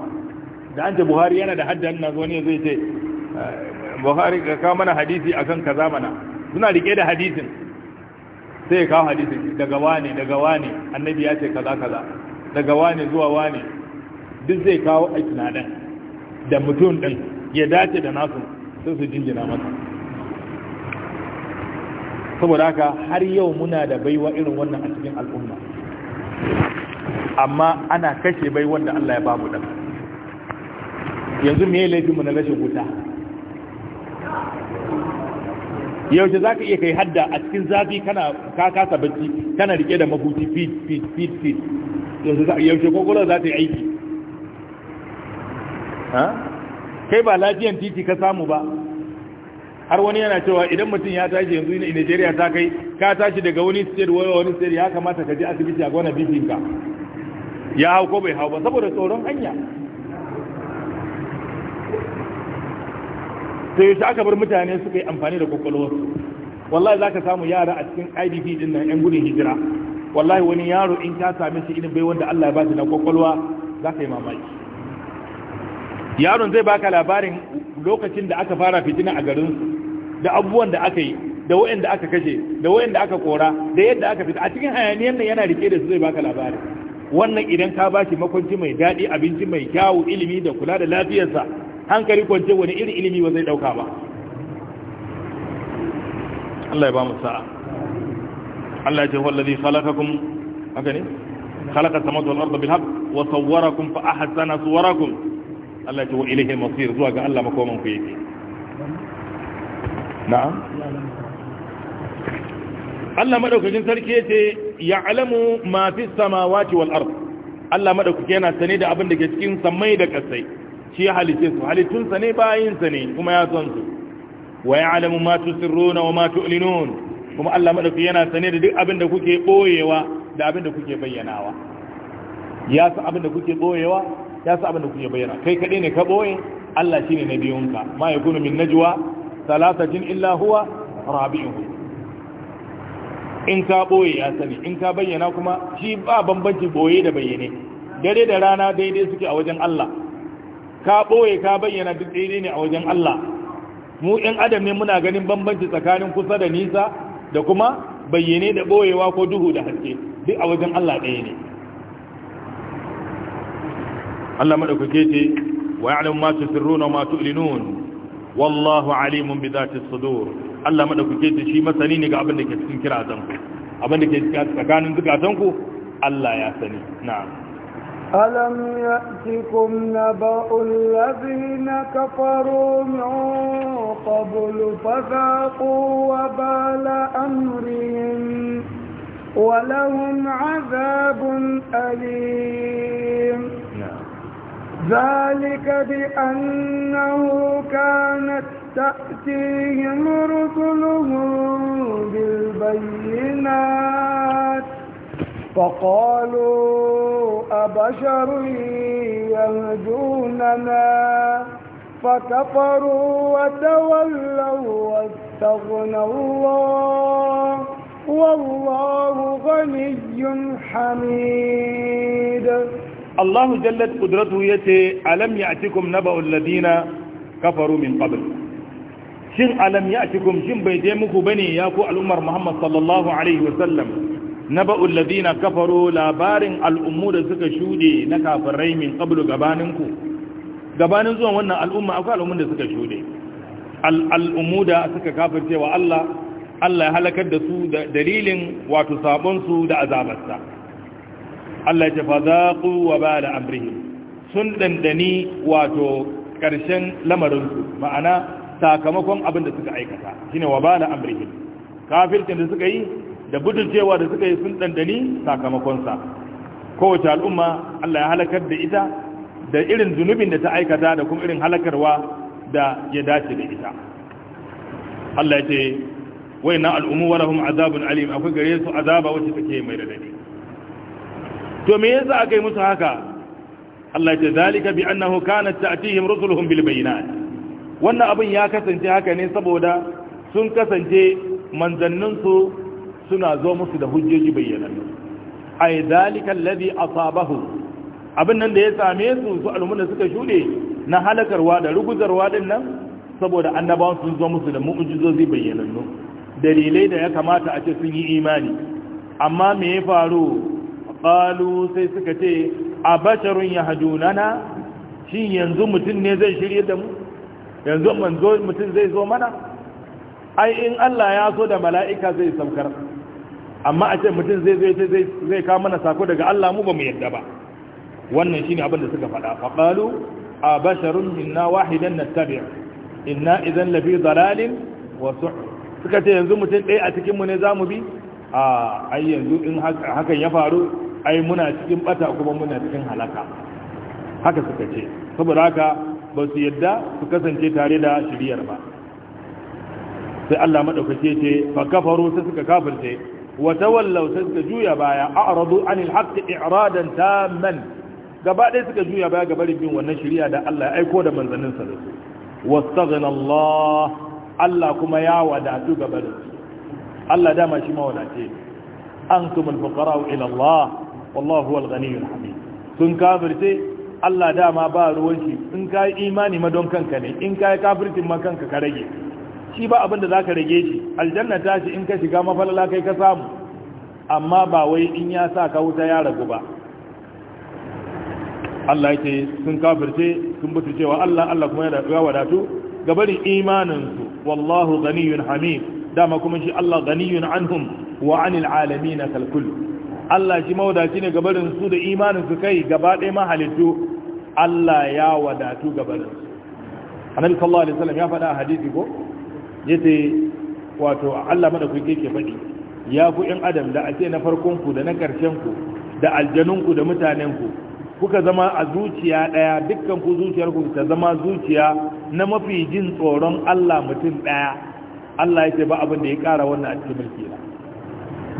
da an ce buhari yana da hadda yana zo ne zai ce eh, buhari ka kawo mana hadisi a kan kaza mana suna rike da hadisin sai ya kawo hadisin daga wane daga wane annabi ya ce kaza kaza daga wane zuwa wane duk zai kawo na ɗan, da mutum din ya dace da nasu sai su jingina masa saboda haka har yau muna da baiwa irin wannan a cikin al'umma amma ana kashe bai wanda Allah ya babu dan yanzu me laifin mu na rashin wuta yau za ka iya kai hadda a cikin zafi kana ka kasa bacci kana rike da mabuti fit fit fit fit yanzu yaushe kokoro za ta yi aiki ha kai ba lafiyan titi ka samu ba har wani yana cewa idan mutum ya tashi yanzu ne Nigeria ta kai ka tashi daga wani state waya wani state ya kamata ka je asibiti a gona bibin ka ya hau ko bai hau ba saboda tsoron hanya sai shi aka bar mutane suka yi amfani da kwakwalwarsu wallahi za ka samu yara a cikin idp din nan yan gudun hijira wallahi wani yaro in ka same shi irin bai wanda allah ya ba shi na kwakwalwa za ka yi mamaki yaron zai baka labarin lokacin da aka fara fitina a garinsu da abubuwan da aka yi da waɗanda aka kashe da waɗanda aka kora da yadda aka fita a cikin hayaniyar nan yana rike da su zai baka labari wannan idan ka ba bashi makwanci mai daɗi abinci mai kyawu ilimi da kula da lafiyarsa hankali kwance wani irin ilimi ba zai ɗauka ba Allah ya ba mu sa'a Allah ya ce wallazi khalaqakum haka ne khalaqa samawati wal arda bil haqq wa sawwarakum fa ahsana suwarakum Allah ya ce wa ilayhi al-masir zuwa ga Allah makoman ku yake na'am Allah madaukakin sarki yace ya'lamu ma fi samawati wal ard Allah madaukake yana sane da abin da ke cikin samai da kasai shi ya halice su halitun sane ne bayin sane ne kuma ya san su wa ya'lamu ma tusirruna wa ma tu'linun kuma Allah madaukake yana sane da duk abin da kuke boyewa da abin da kuke bayyanawa ya san abin da kuke boyewa ya san abin da kuke bayyana kai kade ne ka boye Allah shine na biyunka ma yakunu min najwa talatatin illa huwa rabi'uhu in ka boye ya sani in ka bayyana kuma shi ba bambanci boye da bayyane dare da rana daidai suke a wajen Allah ka boye ka bayyana duk daidai ne a wajen Allah mu ɗan adam ne muna ganin bambanci tsakanin kusa da nisa da kuma bayyane da boyewa ko duhu da haske duk a wajen Allah ɗaya ne Allah maɗaukake ce wa ya'lamu ma tusirruna wa ma tu'linun wallahu alimun bi zati sudur Allah madaukake ta shi masani ne ga abin da ke cikin kirazan ku abin da ke tsakanin zukatan ku Allah ya sani na'am alam ya'tikum naba'ul ladina kafaru min qablu fadhaqu wa bala amrihim ولهم عذاب أليم ذلك بأنه كانت تأتيهم رسلهم بالبينات فقالوا أبشر يهدوننا فكفروا وتولوا واستغنى الله والله غني حميد Allahu jallat ya ce alam ya ya'tikum naba'ul ladina kafaru min qabl shin alam ya ya'tikum shin bai dai muku bane ya ku al'ummar Muhammad sallallahu alaihi wasallam naba'ul ladina kafaru labarin al'ummu da suka shude na kafirai min qablu gabaninku gabanin zuwan wannan al'umma akwai al'ummun da suka shude al'ummu da suka kafirce wa Allah Allah ya halakar da su da dalilin wato sabon su da azabarsa Allah ya fa wa bala amrihim sun dandani wato ƙarshen lamarin su ma'ana sakamakon abin da suka aikata shine wa bala amrihim kafircin da suka yi da budurcewa da suka yi sun dandani sakamakon sa kowace al'umma Allah ya halakar da ita da irin zunubin da ta aikata da kuma irin halakarwa da ya dace da ita Allah ya ce wayannan al'ummu wa lahum azabun alim akwai gare su azaba wacce take mai radadi to me yasa aka yi musu haka Allah ya ce zalika bi annahu kanat ta'tihim rusuluhum bil bayinat wannan abin ya kasance haka ne saboda sun kasance manzannin su suna zo musu da hujjoji bayyanannu ai zalika alladhi asabahu abin nan da ya same su su al'umma suka shude na halakarwa da rugujarwa din nan saboda annabawan sun zo musu da mu'jizozi bayyana. dalilai da ya kamata a ce sun yi imani amma me ya faru qalu sai suka ce a basharun yahdunana shi yanzu mutum ne zai shirye da mu yanzu manzo mutum zai zo mana ai in Allah ya so da mala'ika zai saukar amma a ce mutum zai zai zai zai kawo mana sako daga Allah mu ba mu yadda ba wannan shine abin da suka faɗa fa qalu a basharun minna wahidan nattabi' inna idan fi dalalin wa su suka ce yanzu mutum ɗaya a cikin mu ne zamu bi a ah, ai yanzu in hakan ya faru ai muna cikin bata kuma muna cikin halaka haka suka ce saboda haka ba su yadda su kasance tare da shiriyar ba sai Allah madaukake ce fa kafaru sai suka kafirce wa tawallaw sai suka juya baya a'radu anil haqqi i'radan tamman gaba ɗaya suka juya baya gaba bin wannan shiriya da Allah ya aiko da manzannin sa da su wastaghna Allah Allah kuma ya wadatu gaba da su Allah dama shi mawadace antumul fuqara ila Allah wallahu huwal ghaniyul hamid sun kafirce Allah dama ba ruwan shi in kai imani ma don kanka ne in kai kafircin ma kanka ka rage shi ba abinda da zaka rage shi aljanna ta shi in ka shiga mafalala kai ka samu amma ba wai in ya sa ka wuta ya ragu ba Allah yake sun kafirce sun butu cewa Allah Allah kuma ya wadatu gabarin su wallahu ganiyun hamid dama kuma shi Allah ganiyun anhum wa anil alamin kalkul Allah shi mawadaci ne gabarin su da imanin su kai gaba ɗaya mahalittu Allah ya wadatu gabarin su annabi sallallahu alaihi wasallam ya faɗa a hadisi ko yace wato Allah madaukake ke faɗi ya ku ɗan adam da ake na farkon ku da na ƙarshen ku da aljanun ku da mutanen ku kuka zama a zuciya ɗaya dukkan ku zuciyar ku ta zama zuciya na mafi jin tsoron Allah mutum ɗaya Allah ya ce ba abin da ya ƙara wannan a cikin mulki na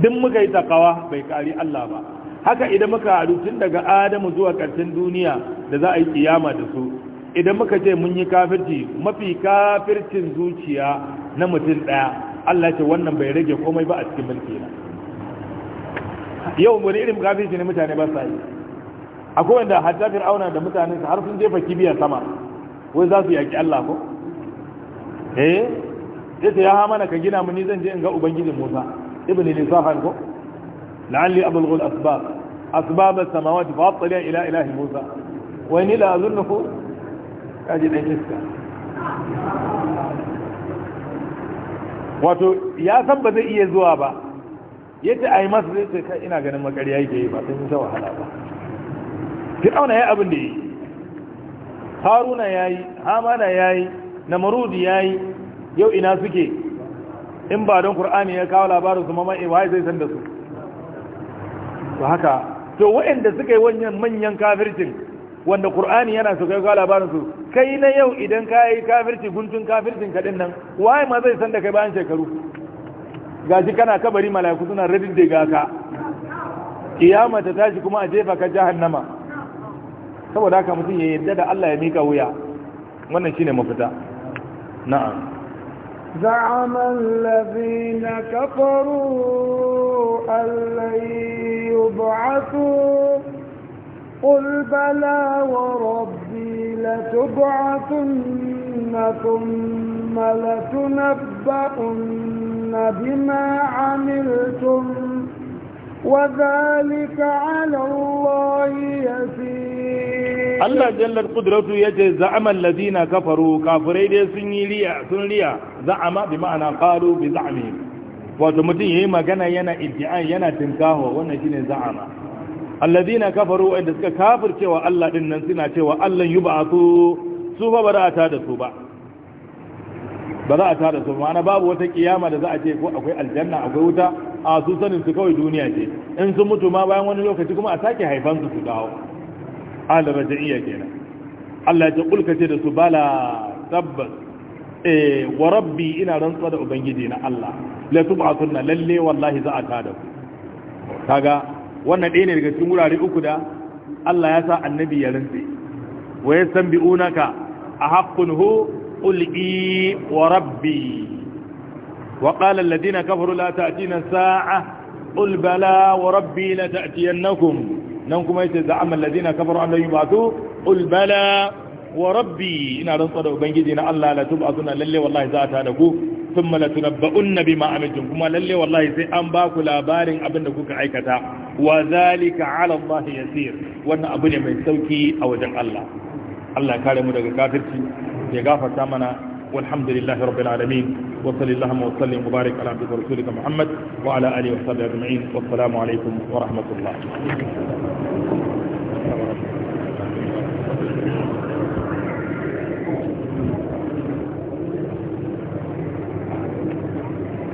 duk muka yi takawa bai kari Allah ba haka idan muka haɗu tun daga adamu zuwa ƙarshen duniya da za a yi kiyama da su idan muka ce mun yi kafirci mafi kafircin zuciya na mutum ɗaya Allah ce wannan bai rage komai ba a cikin mulki na yau wani irin kafirci ne mutane ba sa yi akwai wanda hajja fir'auna da mutanen har sun jefa kibiya sama wai za su yaki Allah ko eh sai ya ha mana ka gina mu ni zan je in ga Ubangiji Musa ibn lisahan ko la'alli abulghu al-asbab asbab as-samawati fa attali ila ilahi musa wa wato ya san ba zai iya zuwa ba a ai masa zai ce kai ina ganin makariya yake yi ba sai mun ta wahala ba auna ya abin da yi haruna yayi hamana yayi ya yayi yau ina suke in ba don qur'ani ya kawo labarin su mamaye eh, wai zai san da su to haka to waɗanda suka yi wannan manyan kafircin wanda qur'ani yana su kai kawo labarin su kai na yau idan ka yi kafirci guntun kafircin kadin nan wai ma zai san da kai bayan shekaru gaji kana kabari malaiku suna ga ka kiyama ta tashi kuma a jefa ka jahannama saboda haka mutum ya yarda da Allah ya mika wuya wannan shine mafita na'am زعم الذين كفروا أن لن يبعثوا قل بلى وربي لتبعثن ثم لتنبؤن بما عملتم وذلك على الله يسير Allah jallar kudratu ya ce za'aman lazina kafaru kafirai dai sun yi riya sun riya za'ama bi ma'ana qalu bi za'ami wato mutum yayi magana yana iddi'an yana tinkaho wannan shine za'ama allazina kafaru wanda suka kafircewa Allah din nan suna cewa Allah yub'atu su fa ba za ta da su ba ba za a tara su ma'ana babu wata kiyama da za a ce ko akwai aljanna akwai wuta a su sanin su kawai duniya ce in sun mutu ma bayan wani lokaci kuma a sake haifansu su dawo ala raja'iyya kenan Allah ya kulka ce da su bala tabbas eh wa rabbi ina rantsuwa da ubangiji na Allah la tub'atunna lalle wallahi za a tada ku kaga wannan ɗaya ne daga cikin wurare uku da Allah ya sa annabi ya rantsi wa a ahaqqun hu qul i wa rabbi wa qala alladhina kafaru la ta'tina saa qul bala wa rabbi la ta'tiyannakum nan kuma yace za'ama allazina kafaru an yub'athu qul bala wa rabbi ina rantsa da ubangiji na Allah la tub'athuna lalle wallahi za ta da ku thumma la tunabba'unna bima amiltum kuma lalle wallahi sai an ba ku labarin abin da kuka aikata wa zalika 'ala Allah yasir wannan abu ne mai sauki a wajen Allah Allah ya kare mu daga kafirci ya gafarta mana والحمد لله رب العالمين وصل اللهم وسلم وبارك على عبدك ورسولك محمد وعلى اله وصحبه اجمعين والسلام عليكم ورحمه الله